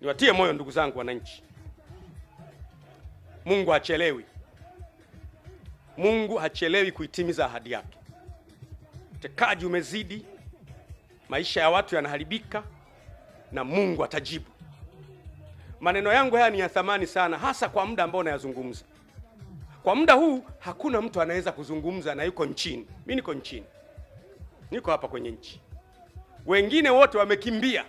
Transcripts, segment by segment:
Niwatie moyo ndugu zangu wananchi, Mungu hachelewi. Mungu hachelewi kuitimiza ahadi yake. Utekaji umezidi, maisha ya watu yanaharibika, na Mungu atajibu. Maneno yangu haya ni ya thamani sana, hasa kwa muda ambao nayazungumza. Kwa muda huu hakuna mtu anaweza kuzungumza na yuko nchini. Mimi niko nchini, niko hapa kwenye nchi, wengine wote wamekimbia.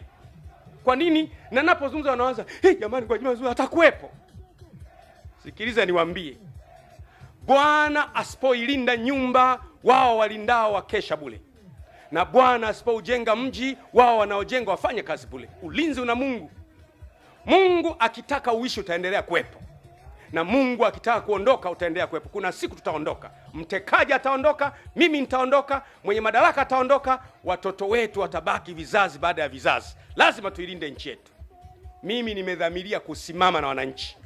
Kwa nini? Na napozungumza wanaanza hey, jamani, Gwajima zuri atakuwepo. Sikiliza niwaambie, Bwana asipoilinda nyumba, wao walindao wakesha bule, na Bwana asipoujenga mji, wao wanaojenga wafanye kazi bule. Ulinzi una Mungu. Mungu akitaka uishi utaendelea kuwepo na Mungu akitaka kuondoka utaendelea kuwepo. Kuna siku tutaondoka, mtekaji ataondoka, mimi nitaondoka, mwenye madaraka ataondoka, watoto wetu watabaki vizazi baada ya vizazi. Lazima tuilinde nchi yetu. Mimi nimedhamiria kusimama na wananchi.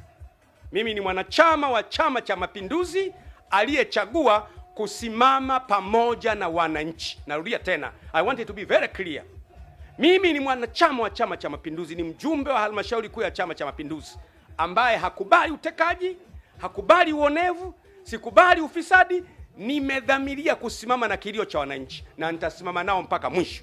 Mimi ni mwanachama wa Chama cha Mapinduzi aliyechagua kusimama pamoja na wananchi. Narudia tena, I want it to be very clear. Mimi ni mwanachama wa Chama cha Mapinduzi, ni mjumbe wa halmashauri kuu ya Chama cha Mapinduzi ambaye hakubali utekaji, hakubali uonevu, sikubali ufisadi. Nimedhamiria kusimama na kilio cha wananchi na nitasimama nao mpaka mwisho.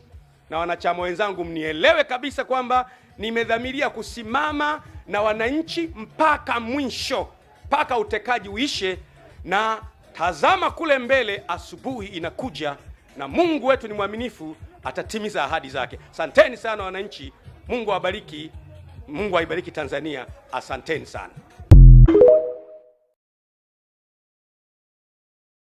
Na wanachama wenzangu, mnielewe kabisa kwamba nimedhamiria kusimama na wananchi mpaka mwisho, mpaka utekaji uishe. Na tazama kule mbele, asubuhi inakuja na Mungu wetu ni mwaminifu, atatimiza ahadi zake. Santeni sana wananchi, Mungu awabariki. Mungu aibariki Tanzania. Asanteni sana.